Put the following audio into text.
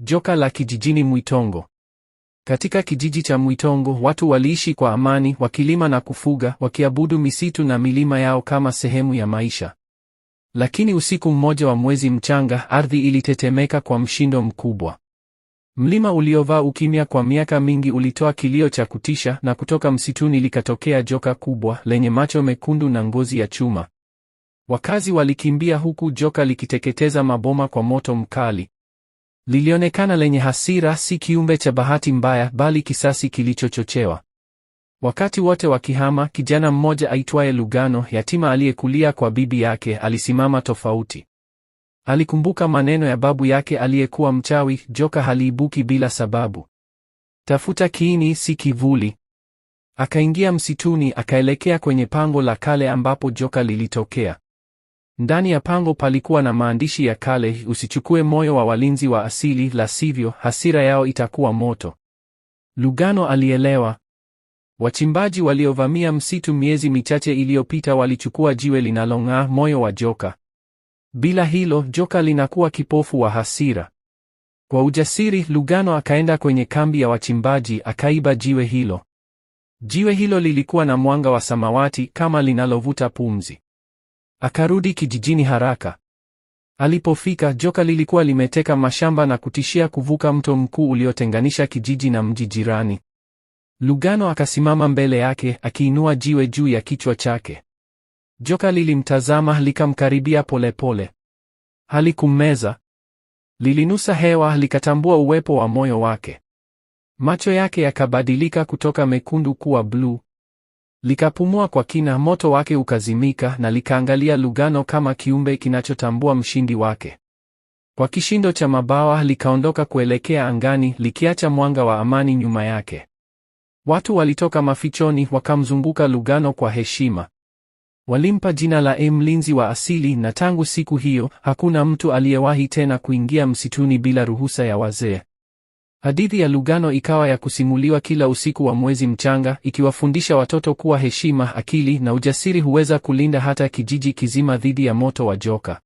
Joka la kijijini Mwitongo. Katika kijiji cha Mwitongo watu waliishi kwa amani, wakilima na kufuga, wakiabudu misitu na milima yao kama sehemu ya maisha. Lakini usiku mmoja wa mwezi mchanga, ardhi ilitetemeka kwa mshindo mkubwa. Mlima uliovaa ukimya kwa miaka mingi ulitoa kilio cha kutisha, na kutoka msituni likatokea joka kubwa lenye macho mekundu na ngozi ya chuma. Wakazi walikimbia huku joka likiteketeza maboma kwa moto mkali lilionekana lenye hasira, si kiumbe cha bahati mbaya, bali kisasi kilichochochewa. Wakati wote wakihama, kijana mmoja aitwaye Lugano, yatima aliyekulia kwa bibi yake, alisimama tofauti. Alikumbuka maneno ya babu yake aliyekuwa mchawi, joka haliibuki bila sababu, tafuta kiini, si kivuli. Akaingia msituni, akaelekea kwenye pango la kale ambapo joka lilitokea. Ndani ya pango palikuwa na maandishi ya kale: usichukue moyo wa walinzi wa asili, la sivyo hasira yao itakuwa moto. Lugano alielewa. Wachimbaji waliovamia msitu miezi michache iliyopita walichukua jiwe linalong'aa, moyo wa joka. Bila hilo, joka linakuwa kipofu wa hasira. Kwa ujasiri, Lugano akaenda kwenye kambi ya wachimbaji akaiba jiwe hilo. Jiwe hilo lilikuwa na mwanga wa samawati kama linalovuta pumzi. Akarudi kijijini haraka. Alipofika, joka lilikuwa limeteka mashamba na kutishia kuvuka mto mkuu uliotenganisha kijiji na mji jirani. Lugano akasimama mbele yake akiinua jiwe juu ya kichwa chake. Joka lilimtazama likamkaribia polepole. Halikummeza. Lilinusa hewa likatambua uwepo wa moyo wake. Macho yake yakabadilika kutoka mekundu kuwa bluu. Likapumua kwa kina, moto wake ukazimika, na likaangalia Lugano kama kiumbe kinachotambua mshindi wake. Kwa kishindo cha mabawa likaondoka kuelekea angani, likiacha mwanga wa amani nyuma yake. Watu walitoka mafichoni wakamzunguka Lugano kwa heshima. Walimpa jina la mlinzi wa asili, na tangu siku hiyo hakuna mtu aliyewahi tena kuingia msituni bila ruhusa ya wazee. Hadithi ya Lugano ikawa ya kusimuliwa kila usiku wa mwezi mchanga, ikiwafundisha watoto kuwa heshima, akili na ujasiri huweza kulinda hata kijiji kizima dhidi ya moto wa joka.